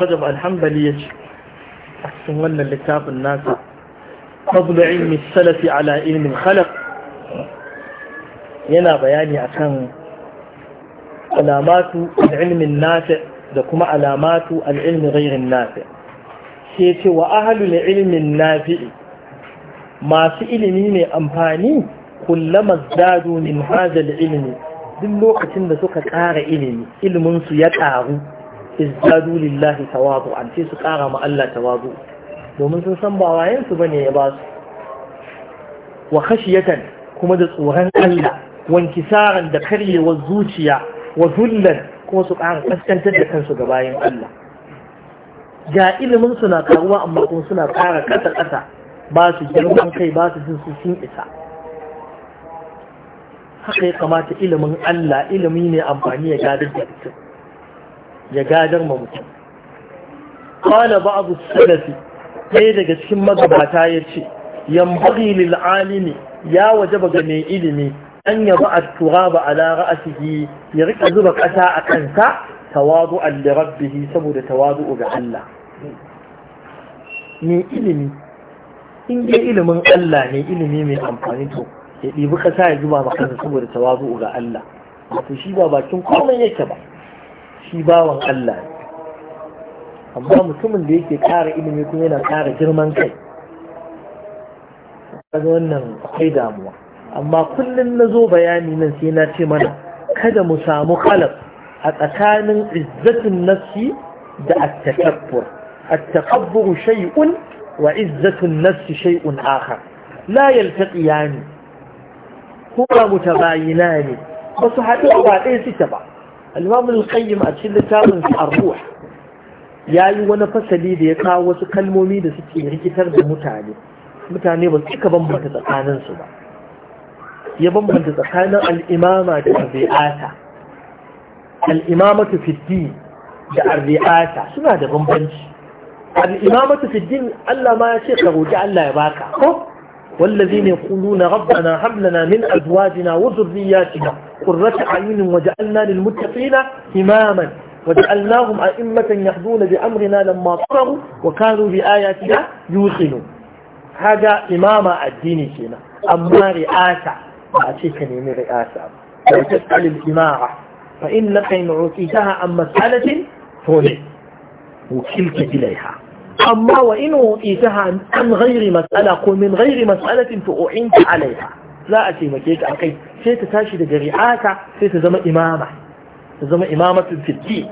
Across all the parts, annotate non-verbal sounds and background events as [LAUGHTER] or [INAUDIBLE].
rajab alhambali ya ce a cikin wannan littafin nasa fadlu ilmi salafi ala ilmin khalaq yana bayani akan alamatu al'ilmin ilmin nafi da kuma alamatu al'ilmin rairin ghairin nafi sai ce wa ahlul ilmin nafi'i masu ilimi mai amfani kullama zadu min hadha al-ilmi duk lokacin da suka ƙara ilimi ilimin su ya ƙaru izdadu lillahi tawadu an sai su kara ma Allah tawadu domin sun san ba wayan su bane ya ba su wa khashiyatan kuma da tsoron Allah wankisaran da karyewar zuciya wa zullan kuma su kara kaskantar da kansu ga bayan Allah ga ilimin su na karuwa amma kuma suna kara kasa kasa ba su girman kai ba su jin su sun isa haka ya kamata ilimin Allah ilimi ne amfani ya gadar da mutum ya gadar ma mutum kwana ba abu salafi ɗaya daga cikin magabata ya ce yambari lil'alimi ya waje ga mai ilimi an yaba a tura ba turaba a ra'asihi ya rika zuba ƙasa a kansa tawadu rabbihi saboda tawadu ga Allah mai ilimi in dai ilimin Allah ne ilimi mai amfani to ya ɗibi ƙasa ya zuba ba kansa saboda tawadu ga Allah wato shi ba bakin komai yake ba shi bawan Allah amma mutumin da yake ƙara ilimi kuma yana ƙara girman kai kaga wannan akwai damuwa amma kullum na zo bayani nan sai na ce mana kada mu samu kalab a tsakanin izzatin nafsi da attakabbur attakabbur shay'un wa izzatin nafsi shay'un akhar la yaltaqiyani kuma mutabayinani ba su haɗu ba ɗaya suke ba al Kayyum a cikin littafin ar ya yayi wani fasali da ya kawo wasu kalmomi da suke rikitar da mutane mutane ba su bambanta tsakanin su ba ya bambanta tsakanin Al'imama da ar-ri'ata al da ar suna da bambanci al-imamatu Allah ma ya ce ka roki Allah ya baka ko ne يقولون ربنا هب لنا من ازواجنا وذرياتنا قرة عين وجعلنا للمتقين إماما وجعلناهم أئمة يهدون بأمرنا لما طروا وكانوا بآياتنا يوقنون هذا إمامة الدين فينا أما رئاسة ما أتيك نيمي رئاسة لو تسأل الإمارة فإنك إن عطيتها عن مسألة فولي وكلت إليها أما وإن عطيتها عن غير مسألة قل من غير مسألة فأعنت عليها za a taimake ta akai sai ta tashi daga ri'ata sai ta zama imama ta zama imamatul fiqh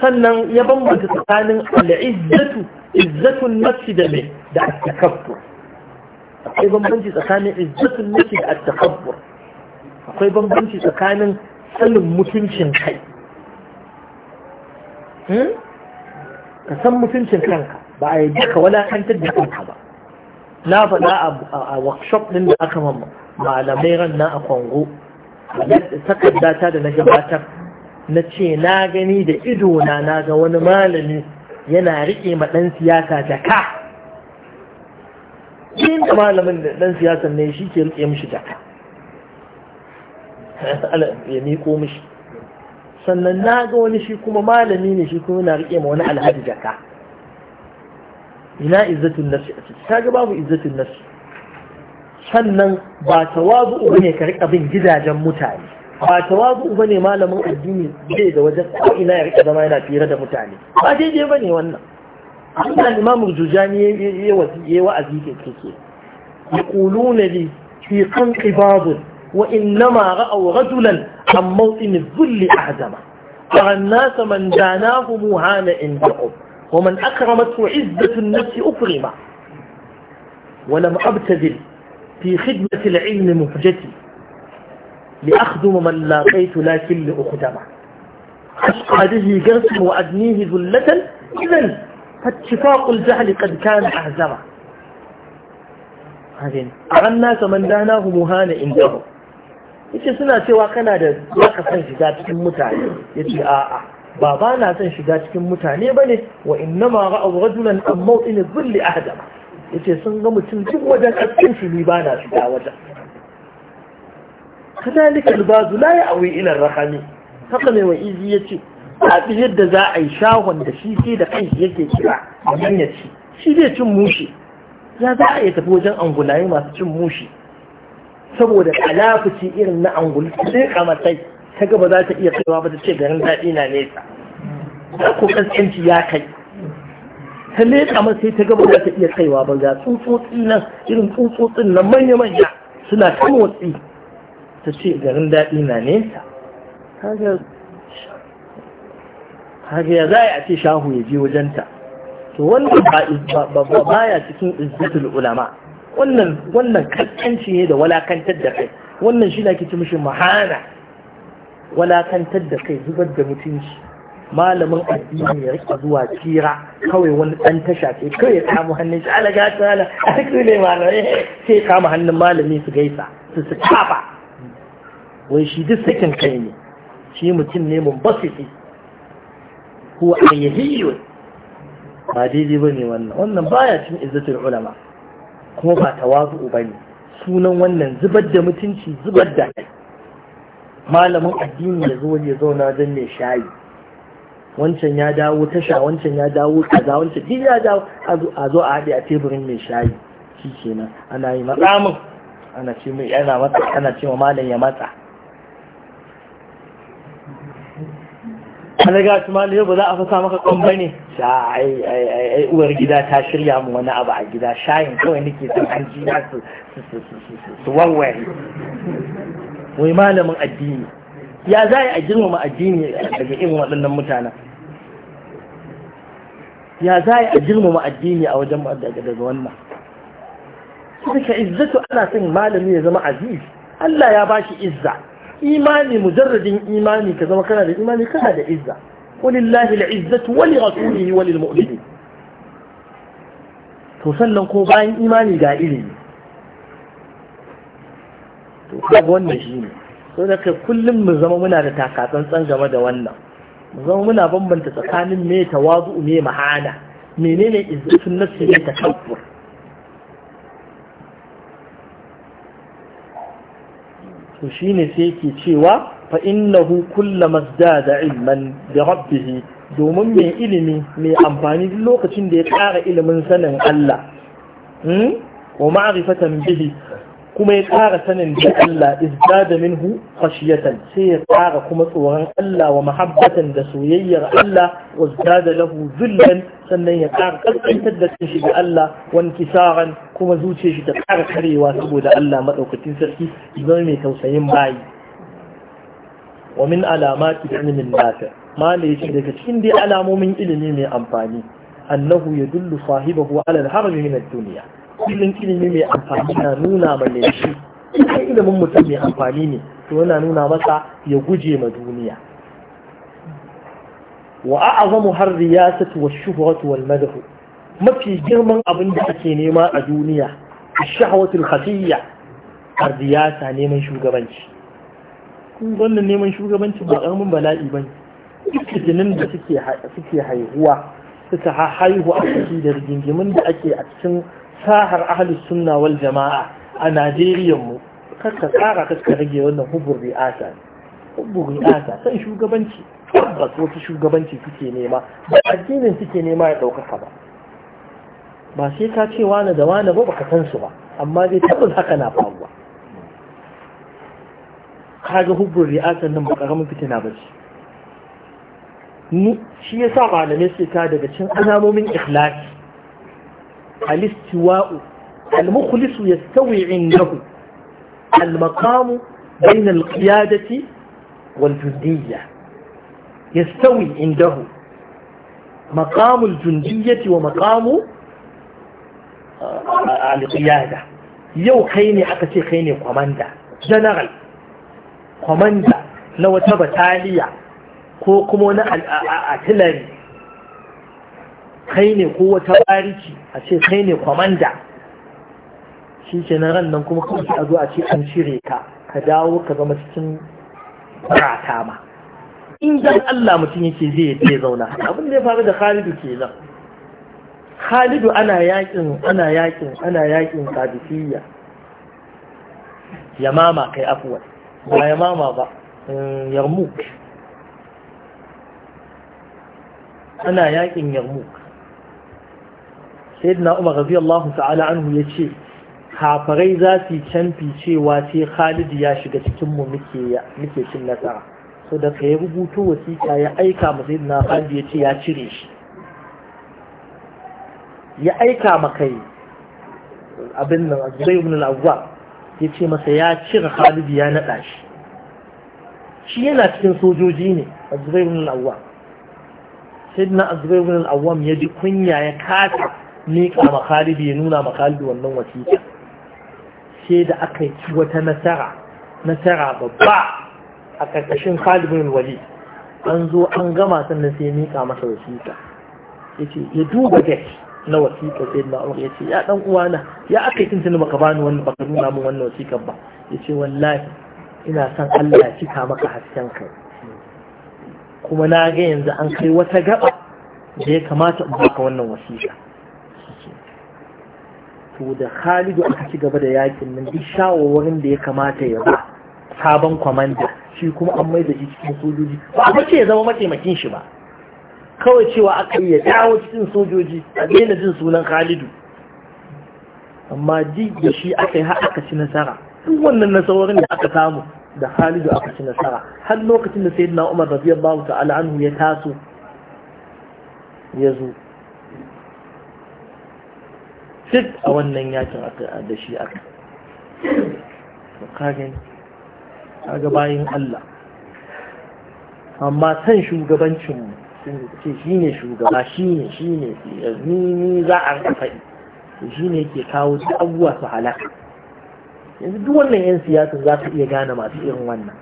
sannan ya bambanta tsakanin al'izzatu izzatun nafsi da mai da at-takabbur akwai bambanci tsakanin izzatun nafsi da at-takabbur akwai bambanci tsakanin sanin mutuncin kai hmm? ka san mutuncin kanka ba a yi ka walakantar da kanka ba na faɗa a workshop ɗin da aka malamai ran na a kwango takardata da na gabatar na ce na gani da idona na ga wani malami yana riƙe ma ɗan siyasa jaka yin da malamin da ɗan siyasa ne shi ke riƙe mishi jaka [LAUGHS] ya miƙo mishi sannan na ga wani shi kuma malami ne shi kuma yana riƙe ma wani alhaji jaka ina izzatun nafsi a ciki kaga babu izzatun nafsi sannan ba tawazu bane ka rika bin gidajen mutane ba tawazu ne malamin addini zai da wajen ko ina ya rika zama yana fira da mutane ba daidai ne wannan Allah Imam Jujani yi wa'azi ke kike na li fi kan qanqibad wa innama ra'aw rajulan am mawtin adh-dhull ahzama فالناس من داناه مهان عندهم ومن أكرمته عزة النفس أكرم ولم أبتذل في خدمة العلم مهجتي لأخدم من لاقيت لكن لأخدمه أشقى به جرس وأدنيه ذلة إذا فاتفاق الجهل قد كان أعزما هذين أرى الناس من داناه مهان عنده yace سنه سواقنا kana da zaka san shiga cikin mutane اه اه ba ba na son shiga cikin mutane ba ne wa inna ma ra'aw rajulan an ne zulli Ya ce sun ga mutum duk wajen ƙarfin shi ni ba na shiga wajen kadalika albazu la ya'wi ila rahami haka mai wa'izi ce, a yadda za a yi shahon da shi ke da kanshi yake kira a ya ci shi zai cin mushi ya za a iya tafi wajen angulayi masu cin mushi saboda ce irin na angulu sai kamatai ta gaba za ta iya kaiwa ba ta ce garin daɗi na nesa da ko kaskanci ya kai ta nesa masa sai ta gaba za ta iya kaiwa ba ga tsutsotsi nan irin tsutsotsin nan manya-manya suna ta motsi ta ce garin daɗi na nesa kaga ya za a ce shahu ya je wajenta to wannan ba ya cikin izzatul ulama wannan kaskanci ne da walakantar da kai wannan shi na kici mishi mahana walakantar da kai zubar da mutunci malamin addini ya rika zuwa kira. kawai wani dan tasha ce kawai ya kama hannun shi ala ga ta ala aki [LAUGHS] ne malamai [LAUGHS] sai kama hannun malami su gaisa su su kafa wai shi duk sakin kai ne shi mutum ne mun basiti ko ayyahiyu ba daidai bane wannan wannan baya cin izzatul ulama kuma ba tawazu bane sunan wannan zubar da mutunci zubar da kai malamin addini ya zo ya zauna wajen mai shayi wancan ya dawo tasha wancan ya dawo kaza wancan duk ya dawo a zo a haɗe a teburin mai shayi shi kenan ana yi matsamin ana ce mai yana matsa ana ce malam ya matsa ana ga shi yau ba za a fasa maka kwambani. bane ah, ai ai uwar gida ta shirya mu wani abu a gida shayin kawai nake son an ji na su su warware wai malamin addini ya za a girmama addini daga irin waɗannan mutanen ya za a girmama addini a wajen daga wannan suka izzatu ana son malami ya zama aziz Allah ya bashi izza imani mujarradin imani ka zama kana da imani kana da izza walillahi al'izzatu wa li rasulihi wa lil mu'minin to sannan ko bayan imani ga ilimi to kaga wannan shine so da kai kullum mu zama muna da takatsantsan game da wannan mu zama muna bambanta tsakanin me tawazu me mahana menene izzatun nafsi ne takabbur to shine sai ke cewa fa innahu kullama zada ilman bi rabbih domin mai ilimi mai amfani duk lokacin da ya ƙara ilimin sanin Allah hmm? wa ma'arifatan bihi kuma ya ƙara sanin da Allah izdada minhu khashiyatan sai ya ƙara kuma tsoron Allah wa mahabbatan da soyayyar Allah wa izdada lahu zullan sannan ya ƙara ƙarfantar da kanshi ga Allah wani kisaran kuma zuciya shi ta ƙara karewa saboda Allah maɗaukacin sarki zama mai tausayin bayi wa min alamati ilimin nafi ma ne yake daga cikin dai alamomin ilimi mai amfani annahu yadullu sahibahu ala al-harbi min ad-dunya kullum ilimi mai amfani na nuna ma mai shi ilimin mutum mai amfani ne to yana nuna masa ya guje ma duniya wa a'azamu har Riyasa wa shuhratu wal madhu mafi girman abin da ake nema a duniya ash-shahwatul khafiyya har riyasa neman shugabanci kun wannan neman shugabanci ba karamin bala'i bane duk fitinin da suke haihuwa suka haihu a ciki da rigingimin da ake a cikin sahar ahalus sunna wal jama'a a Najeriya mu kakka tsara suka rage wannan hubur ri'asa hubur ri'asa san shugabanci tabbas wata shugabanci suke nema ba addinin suke nema ya ɗaukaka ba ba sai ka ce wani da wani ba baka san su ba amma dai tabbas haka na faruwa kaga hubur ri'asan nan ba karamin fitina ba ce ni shi yasa malamai suke ta daga cin alamomin ikhlasi al-istiwa'u al-mukhlisu yastawi indahu al-maqamu bayna al-qiyadati wal-jundiyya yastawi indahu maqamu al-jundiyyati wa maqamu uh, al-qiyada yau kai ne aka ce kai ne kwamanda general kwamanda na wata bataliya ko kuma wani artillery kai ne ko wata bariki a ce kai ne kwamanda shi ke na ran nan kuma kawai a zo a ce an shirya ka ka dawo ka zama cikin rata ma in dan Allah mutum yake zai ya zauna abin da ya faru da Khalidu kenan Khalidu ana yakin ana yakin ana yakin Qadisiyya mama kai afwa ba ya mama ba eh, yarmuk ana yakin yarmuk sayyidina umar radiyallahu ta'ala anhu ya ce kafarai za su canfi cewa sai khalid ya shiga cikinmu muke cin nasara so da ka rubuto wasiƙa ya aika ma sayyidina khalid ya ce ya cire shi ya aika ma abin nan zai ibn al-awwa ya ce masa ya cire khalid ya naɗa shi shi yana cikin sojoji ne a zai ibn al-awwa sidna azubairu na awam ya ji kunya ya kasa miƙa makalibi ya nuna makalibi wannan wasiƙa sai da aka yi wata nasara nasara babba a ƙarƙashin kalibin wali an zo an gama sannan sai miƙa masa wasiƙa ya ce ya duba gas na wasiƙa sai na ya ce ya ɗan uwana ya aka yi tuntuni baka bani wani baka nuna min wannan wasiƙar ba ya ce wallahi ina son Allah ya cika maka hasken kai kuma na ga yanzu an kai wata gaba da ya kamata in baka wannan wasiƙa to da Khalidu aka ci gaba da yakin nan duk shawarwarin da ya kamata ya ba sabon kwamanda shi kuma an mai da cikin sojoji ba a ce ya zama mataimakin shi ba kawai cewa aka yi ya dawo cikin sojoji a daina jin sunan Khalidu amma duk da shi aka yi har aka ci nasara duk wannan nasarorin da aka samu da Halidu aka ci nasara har lokacin da sayyidina Umar radiyallahu ta'ala anhu ya taso ya zo duk a wannan yakin da shi aka kagen kaga bayin Allah amma san shugabancin sun ce shi ne shugaba shi ne shi ne e ni za a faɗi shi ne ke kawo duk abuwa su halaka yanzu duk wannan 'yan siyasa za su iya gane masu irin wannan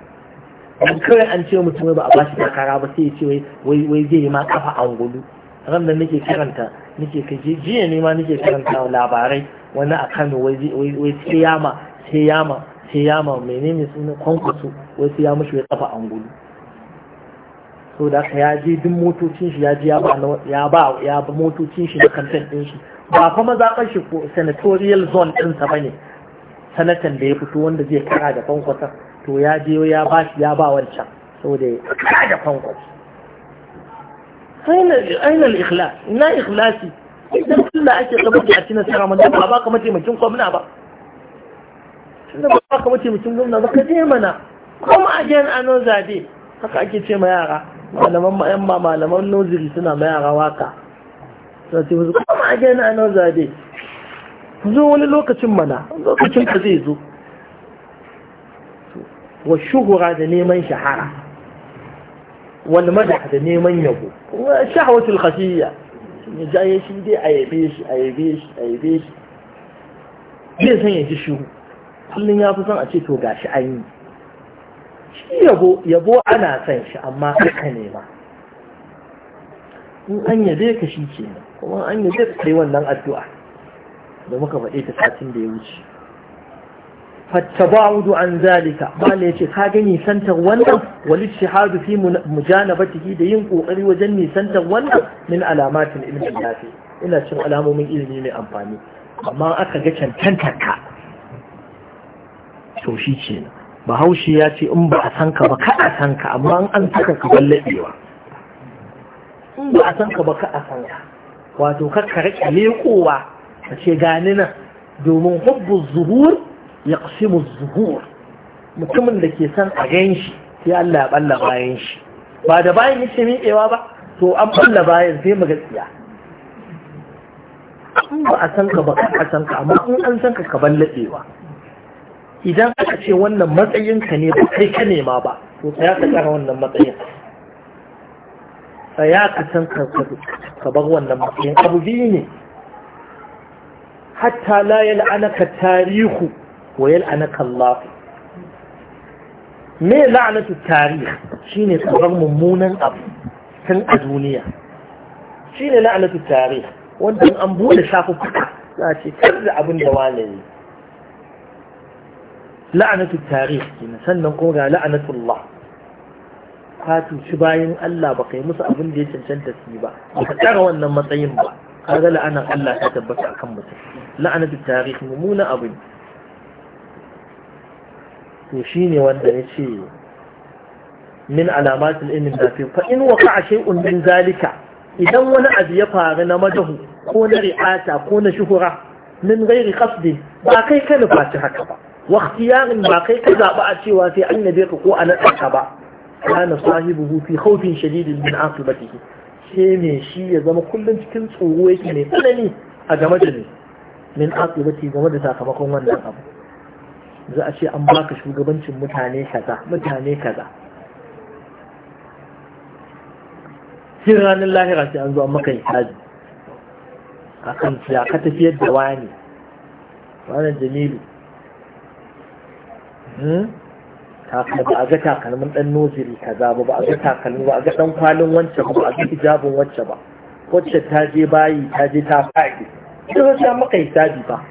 abu kawai an ce mutum ba a ba shi takara ba sai ya ce wai zai yi ma kafa an gudu ran da nake karanta nake ka jiya ne ma nake karanta labarai wani a kano wai sai yama sai yama sai yama menene sunan kwankwaso wai sai ya mushi wai kafa an gudu so da ka ya je duk motocin shi ya je ya ba ya ba ya ba motocin shi da kantin din shi ba kuma zaɓar shi ko senatorial zone ɗinsa ba ne sanatan da ya fito wanda zai kara da kwankwasa to ya je ya ba shi ya ba wancan da ya kara da kwankwasa aina al-ikhlas ina ikhlasi idan Allah ake saboda a cikin sara manzo ba baka mataimakin gwamna ba tunda ba baka mataimakin gwamna ba ka je mana kuma again another day haka ake ce ma yara malaman ma'amma malaman nozili suna ma yara waka suna ce musu kuma again another day zo wani lokacin mana lokacin ka zai zo wa shuhura da neman shahara wani mada da neman yabo wa shahawatul ya jaye shi dai a yabe shi a yabe shi a yabe shi zai san yaji ji shiru kullum ya fi son a ce to shi an yi shi yabo yabo ana son shi amma ka nema in an yabe ka shi kenan kuma an yabe ka kai wannan addu'a da muka faɗe ta satin da ya wuce wudu an zalika ne ce ka ga nisantar wannan shi haɗu fi mu tiki da yin ƙoƙari wajen nisantar wannan min alamatin ilimin lafi ina cin alamomin ilimi mai amfani amma aka ga cancantar ka to shi ce bahaushe ya ce in ba a san ka ba ka a san ka amma an saka ka ballabewa in ba a san ka ba ka a san ka wato kakkar ƙalekowa a ce gani na domin hubbu zuhur ya ƙasimu zuhur mutumin da ke son a gan shi sai Allah ya balla bayan shi ba da bayan yake miƙewa ba to an balla bayan sai mu gaskiya in ba a san ka ba a san ka amma in an san ka ka ballaɗewa idan aka ce wannan matsayin ka ne ba kai ka nema ba to sai ka tsara wannan matsayin ya ka san ka bar wannan matsayin abu biyu ne hatta la yal'anaka tarihu wa yal'anaka Allah me la'anatu tarih shine tsoron mummunan abu tun a duniya shine la'anatu tarih wanda an bude shafuka za a ce kar da abin da wane ne la'anatu tarih kenan sannan kuma ga la'anatu Allah ka tuci bayan Allah ba kai musu abin da ya cancanta su ba ba ka tsara wannan matsayin ba kaga la'anar Allah ta tabbata kan mutum la'anar tarih mummuna abu To shi ne wanda ya ce min alamatul ilmin nafi fa in waqa'a shay'un min zalika idan wani abu ya faru na madahu ko na ri'ata ko na shuhura min ghairi qasdi ba kai ka nufaci haka ba wa ikhtiyarin ba kai ka zaba a cewa sai annabe ka ko a naɗa ka ba kana sahibu fi khawfin shadidin min aqibatihi ce ne shi ya zama kullum cikin tsoro yake ne tsanani a game da ne min ce game da sakamakon wannan abu za a ce an baka shugabancin mutane kaza mutane kaza sai ranar lahira sai an zo an maka a kan ya ka tafiyar da wani wani jamilu hmm? ba a ga takalmin dan noziri kaza ba ba a ga takalmi ba a ga dan kwalin wance ba ba a ga hijabin wance ba wacce ta je bayi ta je ta faɗi ita ba ta maka hisabi ba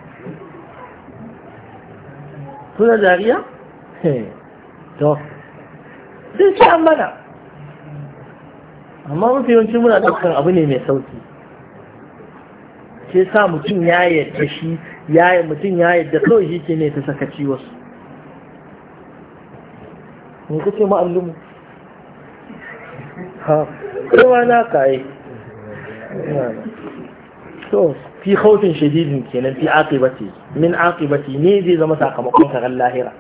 suna zariya? to sai sai an mana amma mafi yawanci muna ɗaukar abu ne mai sauki ke sa mutum ya yadda shi ya mutum ya yadda kawai shi ke ne ta sakaci wasu me kace ma'allimu ha kowa na kai to fi khawfin shadidin kenan fi aqibati min aqibati ne zai zama sakamakon karan lahira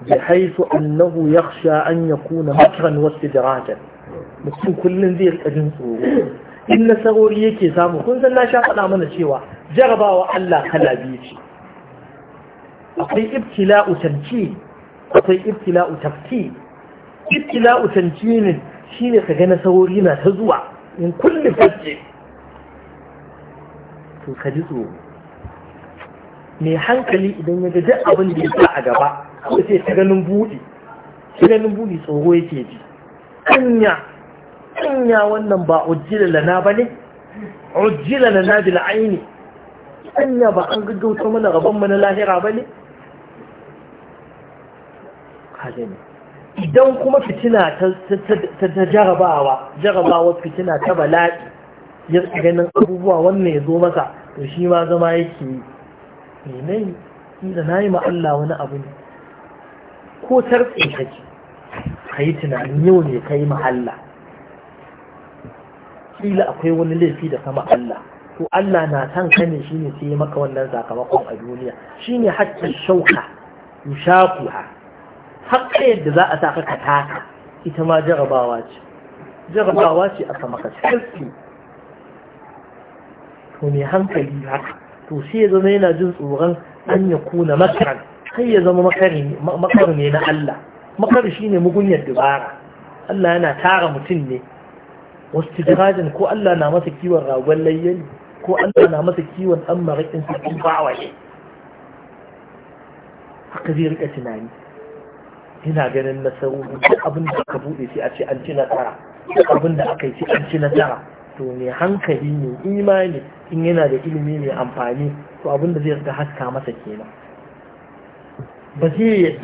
بحيث أنه يخشى أن يكون مكرا واستدراجا mutum kullum zai rikajin tsoro in nasarori yake samu kun san na sha faɗa mana cewa jarabawa Allah kala biyu ce akwai ibtila'u tarki akwai ibtila'u tafti ibtila'u tanjinin shine ka ga na sauri na ta zuwa in kulli fajje to ka ji tsoro mai hankali idan ya ga duk abin da ya sa a gaba ko sai ta ganin buɗi ta ganin buɗi tsoro yake ji anya anya wannan ba ujjila lana ba ne ujjila lana bil aini anya ba an gaggauta mana gaban mu na lahira ba ne ne idan kuma fitina ta jarabawa jarabawa fitina ta bala'i ya ganin abubuwa wannan ya zo maka, to shi ma zama yake yi ne inda na yi Allah wani abu ne ko tartse kake ka yi tunanin yau ne kai yi Allah? kila akwai wani laifi da sama Allah to Allah na san ka ne shine sai maka wannan sakamakon a duniya shine hakkin shauka yushaquha haƙa yadda za a sa ka taka ita ma jarabawa ce jarabawa ce aka maka sarki to mai hankali haka to sai ya zama yana jin tsoron an ya kuna makarar sai ya zama makar ne na Allah makar shi ne mugunyar dubara Allah yana tara mutum ne wasu jirajin ko Allah na masa kiwon ragon layyali ko Allah na masa kiwon ɗan maraƙin sarkin bawaye haka zai rika tunani ina ganin na sauri abin da aka buɗe shi a ce an ci nasara abin da aka yi shi an ci nasara to ne hankali ne imani in yana da ilimi mai amfani to abin da zai ga haska masa kenan ba zai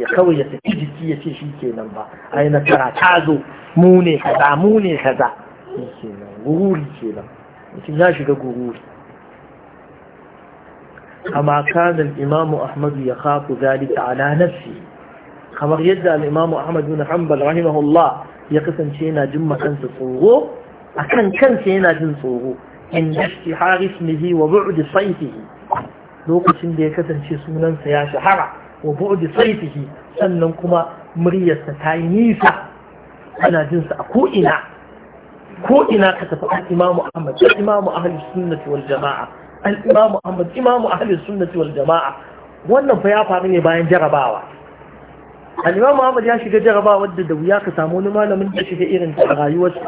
ya kawai ya saki jiki ya ce shi kenan ba A yi nasara ta zo mu ne kaza mu ne kaza gururi kenan mutum shiga gururi kama kanin imamu ahmadu ya kafu zalika ala nafsi kamar yadda al'imamu ahmad bin hanbal rahimahullah ya kasance yana jin makansa tsoro a kan kansa yana jin tsoro in dashi haris mihi wa bu'udi saifihi lokacin da ya kasance sunansa ya shahara wa bu'udi saifihi sannan kuma muryarsa ta yi nisa ana jinsa a ko'ina ko'ina ka tafi an ahmad da imamu ahli sunnati wal jama'a al ahmad imamu ahli sunnati wal jama'a wannan fa ya faru ne bayan jarabawa al'imamu muhammad ya shiga jaraba wadda da wuya ka samu wani malamin da shiga irin a rayuwarsa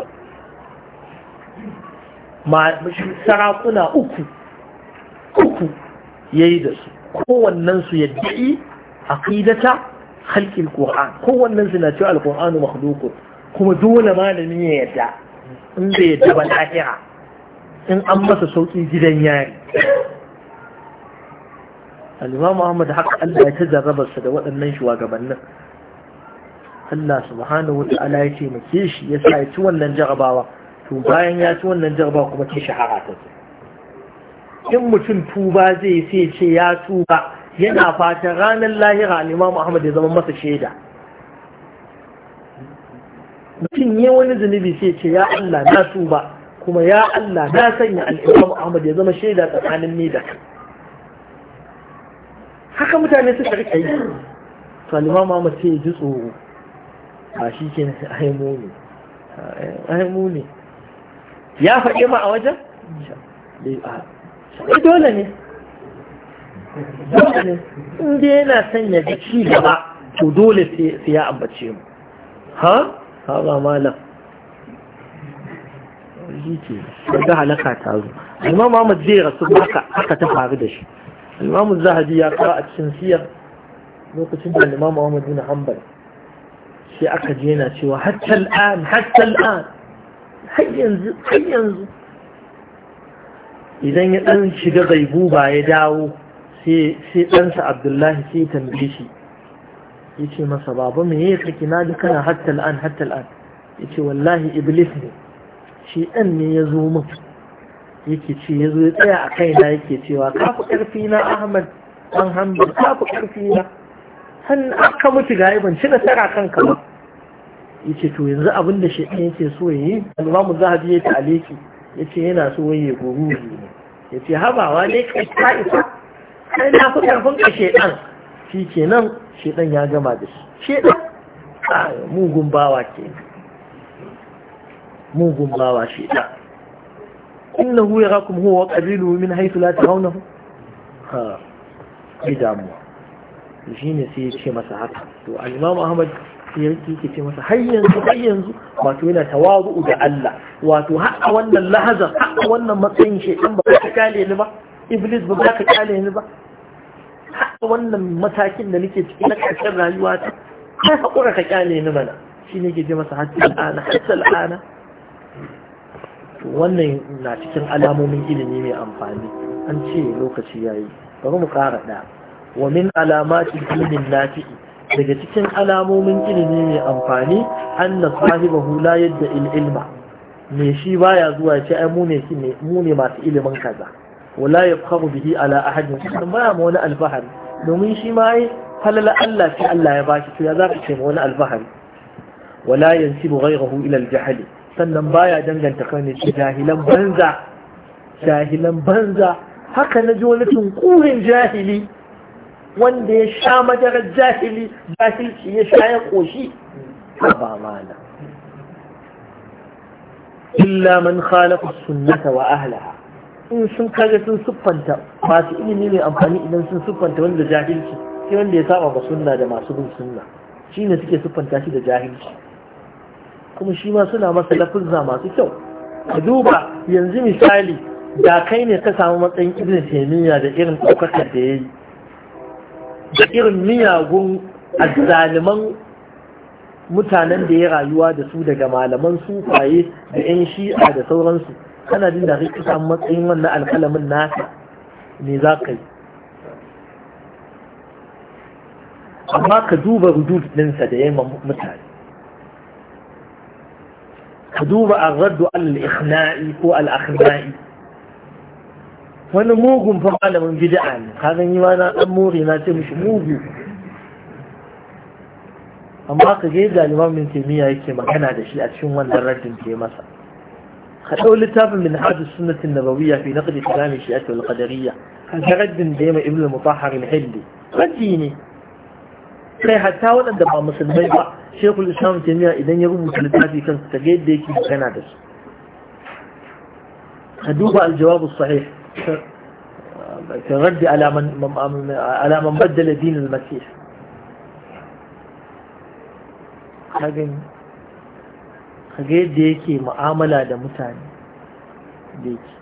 sarakuna uku uku ya yi da su kowannensu ya da'i a ƙidata halkin ƙoran kowannensu na cewa alƙoranu makhlukun kuma dole malamin ya yadda in bai yadda ba lahira in an masa sauƙin gidan yari Alimamu ahmad haka Allah ya tajarraba sa da waɗannan shugabannin Allah subhanahu wata'ala ya ce ma shi ya sa ya ci wannan jarabawa to bayan ya ci wannan jarabawa kuma ke shahara ta in mutum tuba zai sai ce ya tuba yana fatan ranar lahira Alimamu ahmad ya zama masa shaida mutum yi wani zunubi sai ce ya Allah na tuba kuma ya Allah na sanya Alimamu Ahmad ya zama shaida tsakanin ni da kai haka mutane suka rika yi to al-imam sai ya ji tsoro a shi ke ai mu ne ai ya faɗi ma a wajen sai dole ne dole ne in dai yana son ya ji ci gaba to dole sai ya ambace mu ha ha ba malam shi ke wata halaka ta zo imam Ahmad zai rasu haka ta faru da shi imamu zahabi ya kawo a cikin siyar lokacin da limamu ahmad bin hanbal sai aka je cewa hatta al'an hatta al'an har yanzu idan ya dan shiga bai ba ya dawo sai ɗansa abdullahi sai tambaye shi ya ce masa "Babu me ya kake na ji kana hatta al'an ya ce wallahi iblis ne shi ɗan ne ya zo mutu yake ce ya zo ya tsaya a kaina yake cewa kafi ƙarfi na ahmad an hamdu kafi ƙarfi na han aka mutu gari ban ci nasara kanka ba yace to yanzu abin da shi yake so yi al-imamu zahabi ya ta'aliki yace yana so waye gururi ne yace habawa ne kai ka isa kai na fi karfin ka shedan shi kenan shedan ya gama da shi shedan mugun bawa ke mugun bawa shedan innahu yarakum huwa wa qabiluhu min haythu la tarawnahu ha ai damuwa shine sai ya ce masa haka to Ahmad sai ya ce masa har yanzu har yanzu wato yana tawazu da Allah wato har wannan lahazan har wannan matsayin shekan ba ka kale ni ba iblis ba ka kale ni ba har wannan matakin da nake cikin na ƙarshen rayuwa ta sai haƙura ka kyale ni mana shi ne ke ji masa hatta al'ana hatta al'ana wannan na cikin alamomin ilimi mai amfani an ce lokaci ya yi bari mu ƙara ɗaya wa min alamati ilmin nafi'i daga cikin alamomin ilimi mai amfani an na sahibahu hula yadda ilma me shi baya zuwa ce ai mu ne mu ne masu ilimin kaza wala yafkharu bihi ala ahadin sun baya ma wani alfahari domin shi ma ai falala Allah ce Allah ya bashi to ya zaka ce ma wani alfahari wala yansibu ghayrahu ila al-jahli sannan baya danganta kawai shi jahilan banza jahilan banza haka na ji wani tunkurin jahili wanda ya sha madarar jahili jahilci ya sha ya ƙoshi ba mana illa man khalafa sunnata wa ahlaha in sun kaga sun siffanta masu ilimi mai amfani idan sun siffanta wanda jahilci sai wanda ya saba ga sunna da masu bin sunna shine suke siffanta shi da jahilci kuma shi ma suna masa za masu kyau ka duba yanzu misali da kai ne ka samu matsayin ibn taimiyya da irin ɗaukaka da ya da irin miyagun azzaliman mutanen da ya rayuwa da su daga malaman sufaye da 'yan shi'a da sauransu kana jin da kai samu matsayin wannan alkalamin naka ne za ka yi amma ka duba rudud ɗinsa da ya mutane كدوبا الرد على الإخناء هو الأخناء وانا موغم فمعنا من جدعان هذا نيوانا أموري ما تمش موغي أما قيدا الإمام من تيمية كما كان هذا الشيء أتشون وانا الرد من تيمية مثلا خلقوا لتابا من حاج السنة النبوية في نقد كلام الشيئة والقدرية هذا رد من ديما ابن المطهر الحلي رديني kai hatta waɗanda ba musulmai ba shekul islam taimiyya idan ya rubuta littafi kan ta ga yadda yake magana da su ka duba aljawabu sahih ka raddi alaman baddala dinin masih ka gani ka ga yadda yake mu'amala da mutane da yake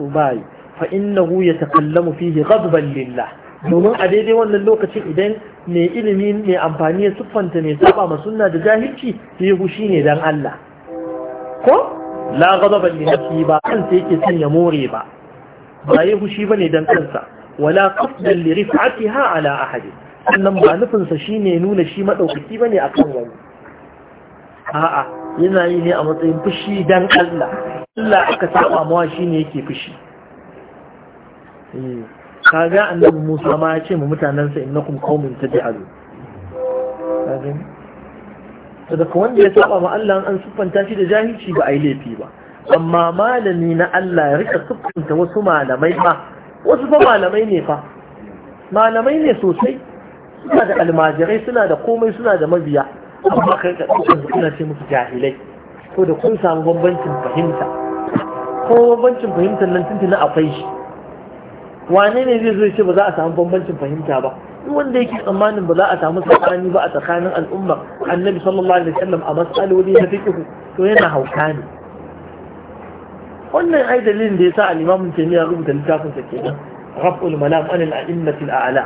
to bayi fa innahu yatakallamu fihi ghadban lillah domin a daidai wannan lokacin idan mai ilimi mai amfani ya siffanta mai saba ma sunna da jahilci sai hushi ne dan Allah ko la ghadaba li nafsi ba kansa yake son ya more ba ba yi hushi ne dan kansa wala qasdan li rif'atiha ala ahad sannan ba nufin sa shine nuna shi madaukaki bane akan wani a'a yana yi ne a matsayin fushi dan Allah Allah aka saba mawa shine yake fushi eh. kaga annabi Musa ma ya ce mu mutanen sa innakum qaumun tajhalu kagani to daga wanda ya saba ma Allah an siffanta shi da jahilci ba ai laifi ba amma malami na Allah ya rika siffanta wasu malamai ba wasu fa malamai ne fa malamai ne sosai suna da almajirai suna da komai suna da mabiya amma kai ka dukkan su kuna ce musu jahilai ko da kun samu bambancin fahimta ko bambancin fahimtar nan tuntuna akwai shi wane ne zai zo ya ce ba za a samu bambancin fahimta ba duk wanda yake tsammanin ba za a samu tsakani ba a tsakanin al'umma annabi sallallahu alaihi wasallam a matsaloli na fiqh to yana hauka ne wannan ai dalilin da yasa al-Imam Taymiyyah rubuta littafin sa kenan raf'ul malam anil a'immati al-a'la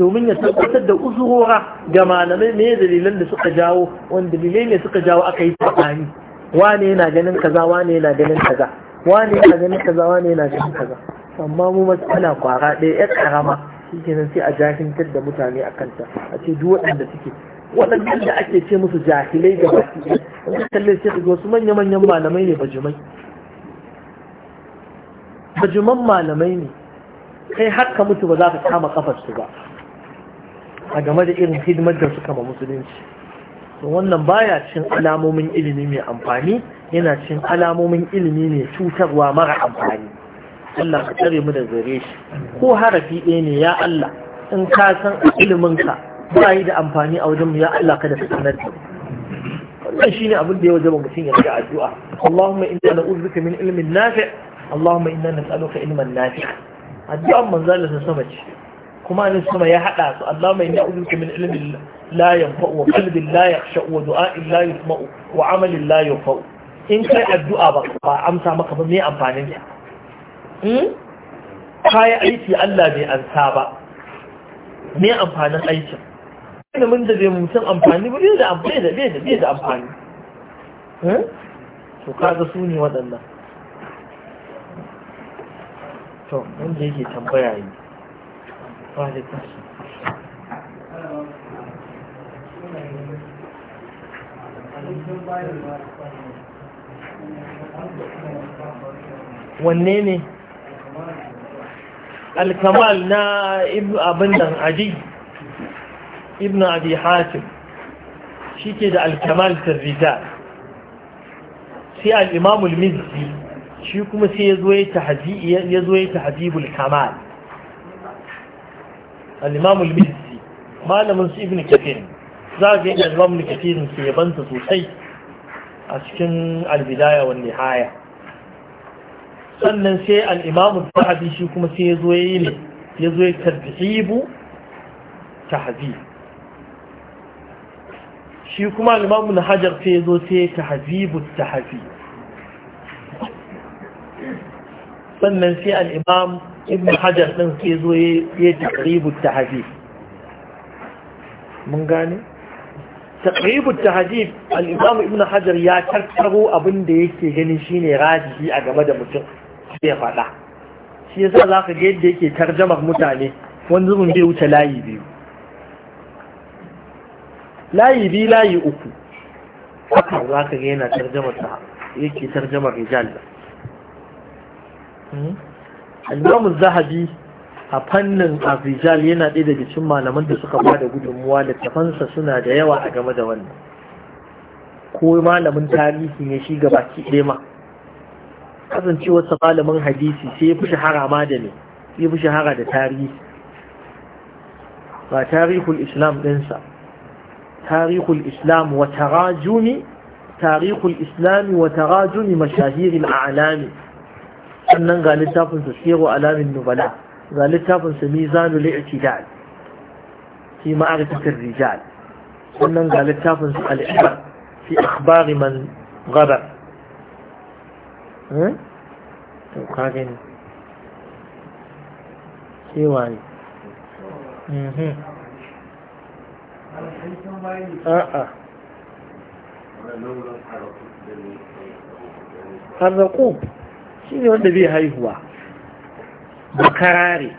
domin ya tabbatar da uzurora ga malamai me dalilan da suka jawo wanda dalilai ne suka jawo aka yi tsakani wane yana ganin kaza wane yana ganin kaza wane yana ganin kaza wane yana ganin kaza amma mu matsala kwara ɗaya ya karama shi nan sai a jahintar da mutane a kanta a ce duk waɗanda suke waɗannan da ake ce musu jahilai da baki ɗaya kalle sai ga wasu manya-manyan malamai ne bajimai bajiman malamai ne kai haka mutu ba za ka kama su ba a game da irin hidimar da suka ma musulunci wannan baya cin alamomin ilimi mai amfani yana cin alamomin ilimi mai cutarwa mara amfani Allah ka tsare mu da zare shi ko harafi ɗaya ne ya Allah in ka san ilimin ka ba yi da amfani a wajen mu ya Allah kada ka sanar da mu wannan shine abin da ya wajaba mutum ya ga addu'a Allahumma inna na'udhuka min ilmin nafi' Allahumma inna nas'aluka ilman nafi' addu'an manzo Allah sama ce kuma ne sama ya hada su Allahumma inna na'udhuka min ilmin la yanfa'u wa qalbin la yakhsha wa du'a'in la yusma'u wa 'amalin la yanfa'u in kai addu'a ba ba amsa maka ba me amfanin ka. Hmm? kayan aiki Allah bai ansa ba ne amfanin aikin ilimin da bai mutum amfani ba bai da amfani da bai da bai da amfani hmm? to kaga su ne waɗannan to wanda yake tambaya yi walaikun su wanne ne alkamal na abin nan adi ibn adi hatim shi ke da alkamal tarrita, sai al'imamul mizzi shi kuma sai ya zo ya ta hazibul kamal al'imamul mizzi malamin su ibn kafirin za ga yin al'imamul kafirin ke yabanta sosai a cikin albidaya wani haya sannan sai al'imamu zahabi shi kuma sai ya zo ya yi ne ya zo ya tarbihibu tahzib shi kuma al'imamu na hajar sai ya zo sai ya tahzibu tahzib sannan sai al'imam ibn hajar ɗin sai ya zo ya takribu tahzib mun gane? takribu tahzib al'imam ibn hajar ya tattaro abin da yake gani shine rajihi a game da mutum ya faɗa shi ya sa za ka ga yadda yake tarjamar mutane wani zubin bai wuce layi biyu layi biyu layi uku haka za ka ga yana tarjamar ta yake tarjamar rijal hmm? al-imam zahabi a fannin afrijal yana ɗaya daga cikin malaman da suka ba da gudunmuwa da tafansa suna da yawa a game da wannan ko malamin tarihi ne shi gabaki ɗaya ma kasancewar sa malamin hadisi sai ya fi shahara ma da ne ya fi shahara da tarihi ba tarihul islam ɗinsa tarihul islam wa tarajumi tarihul islami wa tarajumi mashahirin a'lami sannan ga littafinsa sa alamin nubala ga littafin sa mizanul i'tidal fi ma'arifatir rijal sannan ga littafin sa al-ibar fi akhbari man gabar. Eh? to ka gani cewa ne mhm. a'a harzaku shi ne wanda bai haihuwa makarare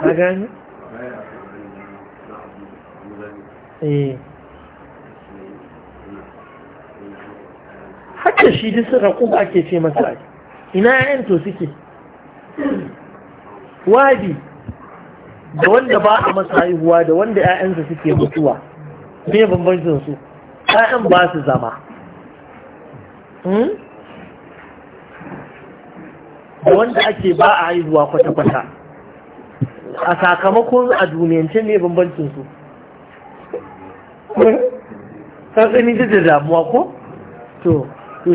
ka gani? eh haka shi duk suka kuma ake ce masa ina yayan to suke wadi da wanda ba a masa haihuwa da wanda 'ya'yansa suke mutuwa me bambancin su 'ya'yan ba su zama hmm? da wanda ake ba a haihuwa kwata-kwata a sakamakon a duniyance ne bambancin su tsanin da damuwa ko to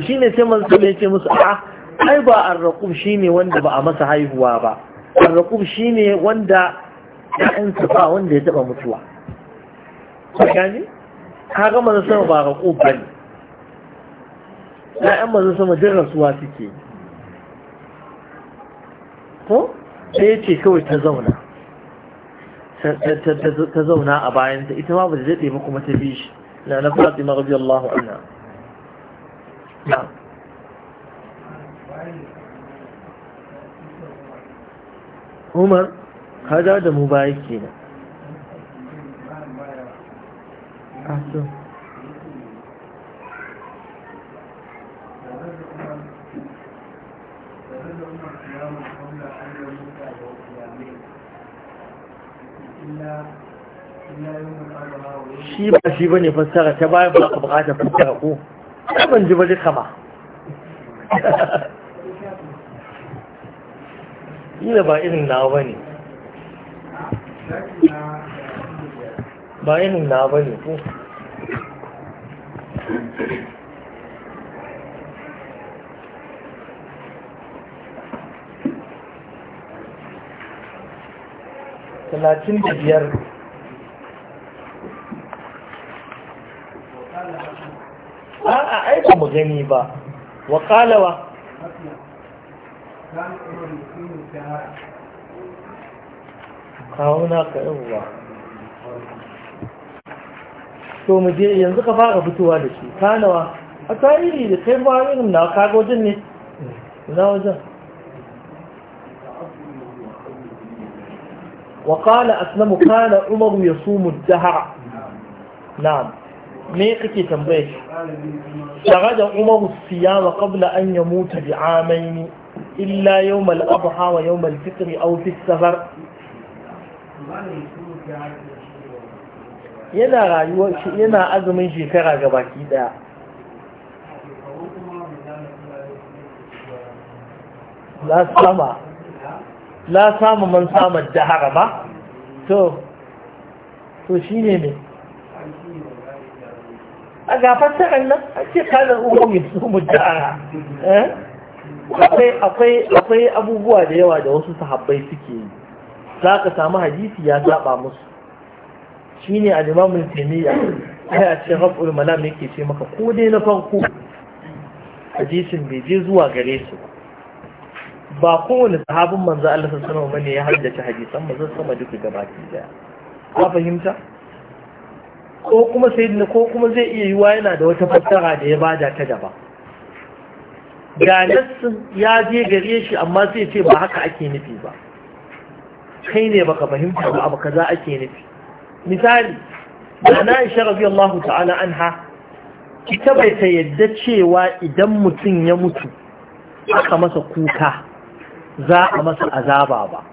to ne sai manzo ya ce musu a'a ai ba arraqub shine wanda ba a masa haihuwa ba arraqub shine wanda ɗan ba wanda ya taɓa mutuwa gani kaga manzo sama ba arraqub bane ɗan manzo sama din rasuwa suke ko sai ya ce kawai ta zauna ta zauna a bayanta ita ma ba da daɗe ba kuma ta bi shi na na fatima radiyallahu anha نعم عمر هذا هذا مبايك هنا شيء بقى شيء بني فسرة تبعي بلقب غاية فتاقو ban ji ba duka ma ila ba irin na ba ne ba irin na ba ne ko talatin da biyar mu gani ba wa kalawa kawuna ka yawwa to mu je yanzu ka fara fitowa da shi kanawa a tarihi da kai ba irin na kaga wajen ne na wajen وقال أسلم كان عمر يصوم الدهر نعم Ne kake tambaye shi shagada umaru siyama qabla an yamuta bi amaini illa yawmal adha wa yawmal fitr aw fi safar yana rayuwar shi yana azumin shekara gabaki baki daya la sama la sama man sama dahara ba to to shine ne a ga fassarar nan a ce kanar umar su mujara eh? akwai abubuwa da yawa da wasu sahabbai suke yi za ka samu hadisi ya zaba musu shi ne alimamin taimiyya ai a cikin rabbul malam yake ce maka ko dai na farko hadisin bai je zuwa gare su ba kowane sahabin manzo Allah sallallahu alaihi wasallam ne ya haddace hadisan manzo sama duka gabaki daya ka fahimta ko kuma sayyidina ko kuma zai iya yiwa yana da wata fassara da ya bada ta daba ga nassin ya je gare shi amma sai ce ba haka ake nufi ba kai ne baka fahimta ba abu kaza ake nufi misali da na isha radiyallahu ta'ala anha ita bai ta yadda cewa idan mutum ya mutu aka masa kuka za a masa azaba ba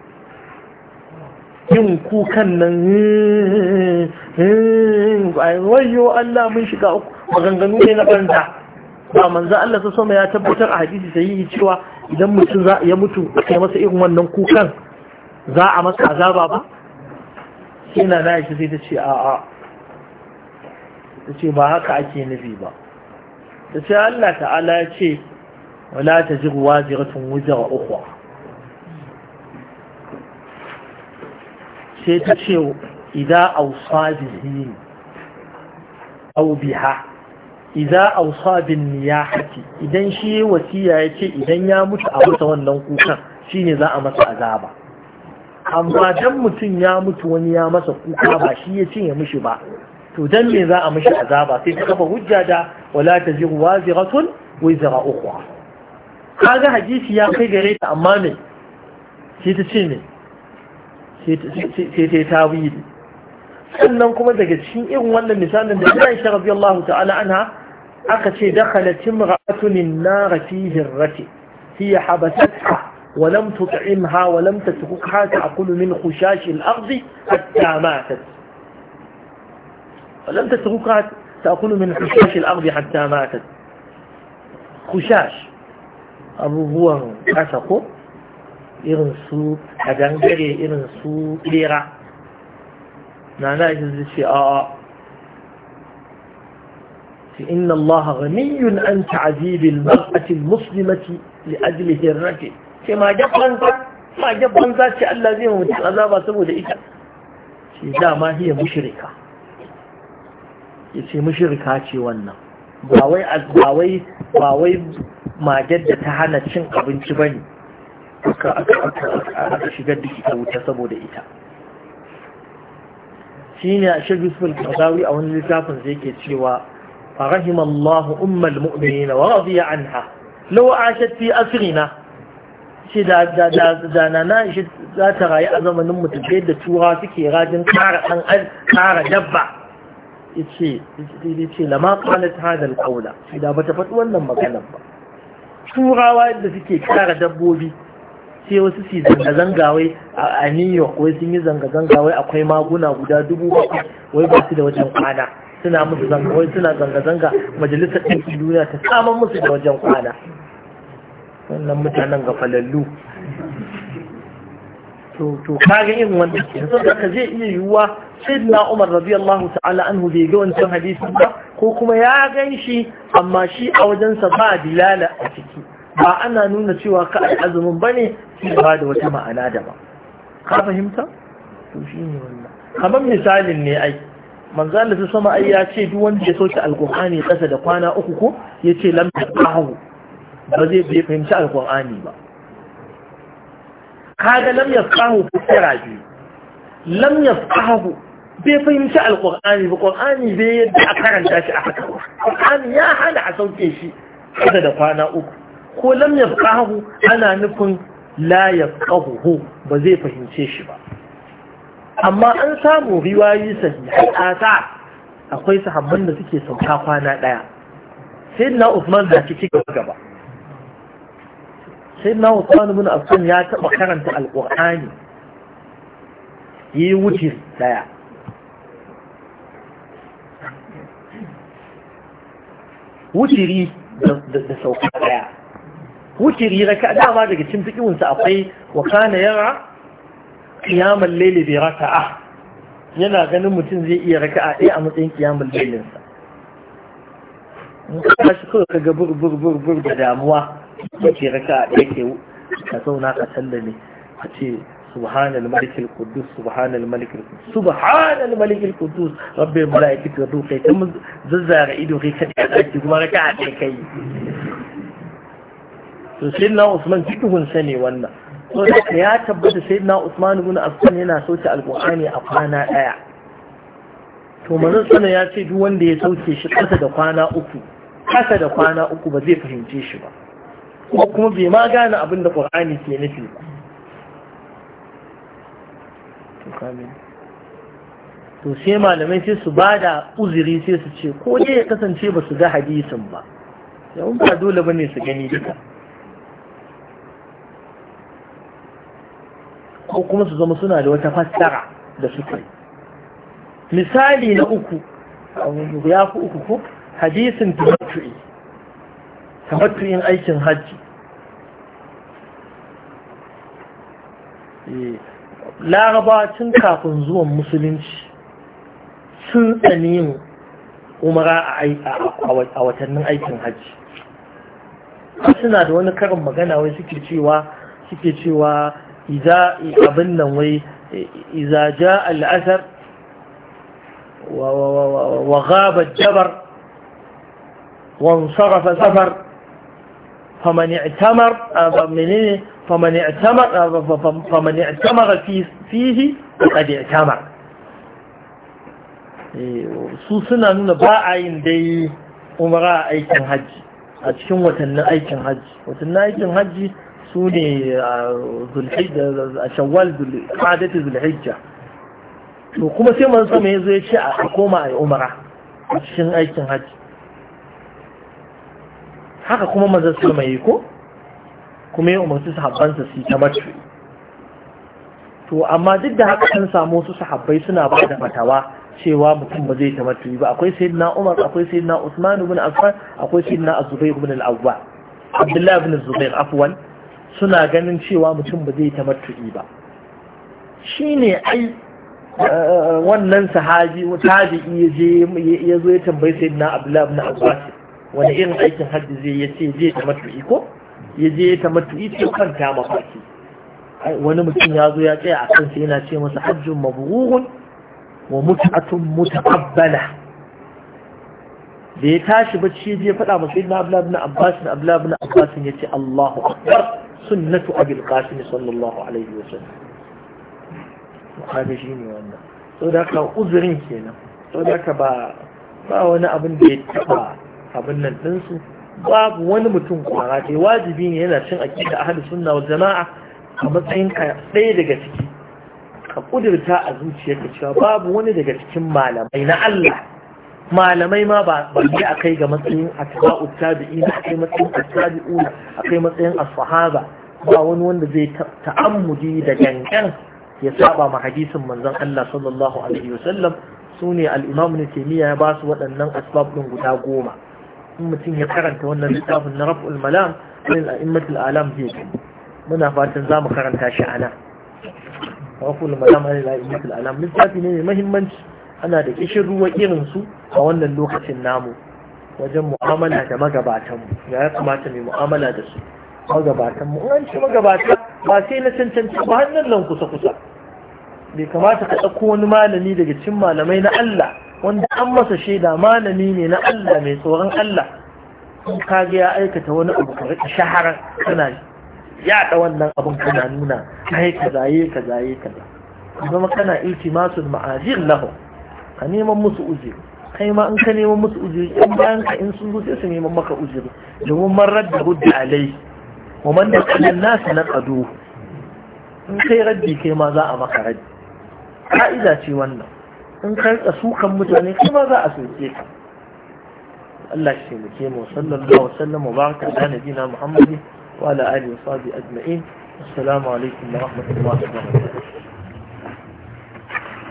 yin kukan nan hmm, hmm, wayo Allah mun shiga uku maganganu ne na banta ba manzo Allah sai ya tabbatar a hadisi sahihi cewa idan mutum za ya mutu kai masa irin wannan kukan za a masa azaba ba ina na shi sai ta ce a a ta ce ba haka ake nufi ba ta ce Allah ta'ala ya ce wala tajiru waziratun wujar ukhra sai ta ce idza awsa bihi aw biha idza awsa niyahati idan shi wasiya yace idan ya mutu a masa wannan kukan shine za a masa azaba amma dan mutum ya mutu wani ya masa kuka ba shi ya cinye mishi ba to dan me za a mishi azaba sai ta kafa hujja da wala taziru waziratun wizra ukhra kaga hadisi ya kai gare ta amma me sai ta ce me sai ta tawili sannan kuma daga cikin irin wannan misalin da ya isha radiyallahu ta'ala anha aka ce dakhalat imra'atun an-nar fi hirrati hiya habatatha wa lam tut'imha wa lam tatrukha ta'kulu min khushash al-ardi hatta matat wa lam tatrukha ta'kulu min khushash al-ardi hatta matat khushash abubuwan kasa ko irin su kadangare irin su bera na na ita zai ce a'a fi inna Allah ghaniyun an ta'zibil mar'ati muslimati li ajli hirrati ce ma jabban za ma jabban za ce Allah zai mutu azaba saboda ita ce dama hiya ya yace mushrika ce wannan ba wai ba wai ba wai majar da ta hana cin abinci ba ne. aka aka shigar da ita wuta saboda ita Shi ne a shek yusuf al-qardawi a wani littafin zai ke cewa farahim Allah ummal mu'minina wa radiya anha law ashat fi asrina shi da da da da na na shi za ta rayu a zamanin mu da tura suke rajin kara dan al kara dabba yace yace lama qalat hada al-qawla shi da bata faɗi wannan maganar ba turawa da suke kara dabbobi sai wasu su zanga-zanga zangawai a new york wai sun yi zanga zangawai akwai maguna guda dubu bakwai wai ba su da wajen kwana suna musu zanga wai suna zanga-zanga majalisar ɗinkin duniya ta saman musu da wajen kwana wannan mutanen ga falallu to kaga irin wannan yanzu da zai iya yiwuwa sai na Umar allahu ta'ala an bai ga wancan hadisi ba ko kuma ya gan shi amma shi a wajensa ba dilala a ciki ba ana nuna cewa ka azumin ba ne ba da wata ma'ana ba. ka fahimta? to shi ne wannan kamar misalin ne ai manzan da su sama ai ya ce duk wanda ya soke alkur'ani ƙasa da kwana uku ko ya ce lamta ƙahu ba zai bai fahimci alkur'ani ba Ka ga lamta lam ko kira biyu? lamta yafqahu bai fahimci alkur'ani ba qur'ani bai yadda a karanta shi a haka ba. qur'ani ya hana a sauke shi ƙasa da kwana uku ko lam yafqahu ana nufin la yafqahu ba zai fahimce shi ba amma an samu riwayi a ta akwai sahabban da suke sauka kwana daya na usman da ci gaba na Usman ibn Affan ya taba karanta alqur'ani yi wuce daya wutiri da sauka daya wuce riraka dama daga cin fikinsa akwai wa kana yara kiyamar laili bai raka a yana ganin mutum zai iya raka a ɗaya a matsayin kiyamar lailinsa ka shi kawai kaga burbur da damuwa wace raka a ɗaya ke ka zauna ka talla ne a ce subhanal malikil kudus subhanal malikil kudus subhanal malikil kudus rabbi mala'ikatu rabbi kai ta mun zazzara ido kai kadi a ɗaki kuma raka a ɗaya kai to sayyidina Usman duk sa ne wannan to da ya tabbata sayyidina Usman ibn Affan yana sauke alqur'ani a kwana daya to manzon sana ya ce duk wanda ya sauke shi kasa da kwana uku kasa da kwana uku ba zai fahimce shi ba ko kuma bai ma gane abin da qur'ani ke nufi ba to to sai malamai sai su ba da uzuri sai su ce ko dai ya kasance ba su ga hadisin ba yawon ba dole ba ne su gani duka ko kuma su zama suna da wata fassara da suka yi misali na uku ya fi uku ko hadisin tumatu'i tumatu'in aikin hajji eh, laraba tun kafin zuwan musulunci sun tsani yin umara a watannin aikin hajji suna da wani karin magana wai suke suke cewa إذا أظن إذا جاء الأثر وغاب الجبر وانصرف سفر فمن اعتمر آه، فمن اعتمر آه، فمن اعتمر فيه قد اعتمر إيه، سوسنا ان با عين دي عمراء ايكن حج اتشن وتن ايكن حج وتن ايكن حج su ne a shawwal qadati zulhijja to kuma sai manzo sama yazo ya ce a koma a umara cikin aikin haji haka kuma manzo sama yi kuma ya umarci sahabbansa su ta mace to amma duk da haka an samu wasu sahabbai suna ba da fatawa cewa mutum ba zai tamattuyi ba akwai sayyidina Umar akwai sayyidina Usman akwai sayyidina Az-Zubair Al-Awwa Abdullah ibn Zubair afwan suna ganin cewa mutum ba zai tamattu'i ba shi ne ai eh, wannan sahabi tabi'i ya je ya zo ya tambayi sai na abdullahi na abbas wani irin aikin hajji zai ya ce zai tamattu'i ko ya je ya ce kan ta mafaki wani mutum ya zo ya tsaya a kansa yana ce masa hajjun mabuhun wa mut'atun mutaqabbala da ya tashi bacci ya faɗa masa ibn abdullahi na abbas na abdullahi ibn abbas ya ce Allahu akbar سنة أبي القاسم صلى الله عليه وسلم مخارجين وانا سوداك أزرين kenan. سوداك با ba wani abin da ya taba abin nan ɗinsu babu wani mutum kwara ce wajibi ne yana cin aƙida a hadu sunna wa jama'a a matsayin ka ɗaya daga ciki ka ƙudurta a zuciyarka cewa babu wani daga cikin malamai na Allah malamai ma ba ne a kai ga matsayin atba'u tabi'in a kai matsayin attabi'un a kai matsayin as-sahaba ba wani wanda zai ta'ammudi da gangan ya saba ma hadisin manzon Allah sallallahu alaihi wasallam sune al-imam ibn taymiya ya ba su waɗannan asbab din guda goma in mutum ya karanta wannan littafin na raf'ul malam min a'immatul alam zai gani muna fatan za mu karanta shi ana raf'ul malam min a'immatul alam littafi ne mai muhimmanci ana da kishin ruwa irin su a wannan lokacin namu wajen mu'amala da magabatanmu ya kamata mai mu'amala da su magabatanmu an ce magabata ba sai na cancanci ba hannun nan kusa-kusa bai kamata ka ɗauko wani malami daga cikin malamai na Allah wanda an masa shaida malami ne na Allah mai tsoron Allah in ka ga ya aikata wani abu ka rika shaharar kana yaɗa wannan abin kana nuna kai ka zaye ka zaye ka zama kana iltimasul ma'ajir lahu ka neman musu uzuri kai ma in ka neman musu uzuri in bayan ka in sun zo sai su neman maka uzuri domin man radda hudda alai wa man da kalan nasu na kado in kai raddi kai ma za a maka raddi ka'ida ce wannan in ka rika sukan mutane kai ma za a soke ka Allah shi mu ke mu sallallahu alaihi wasallam wa baraka ala nabiyina Muhammad wa ala alihi wa sahbihi ajma'in assalamu alaikum wa rahmatullahi wa barakatuh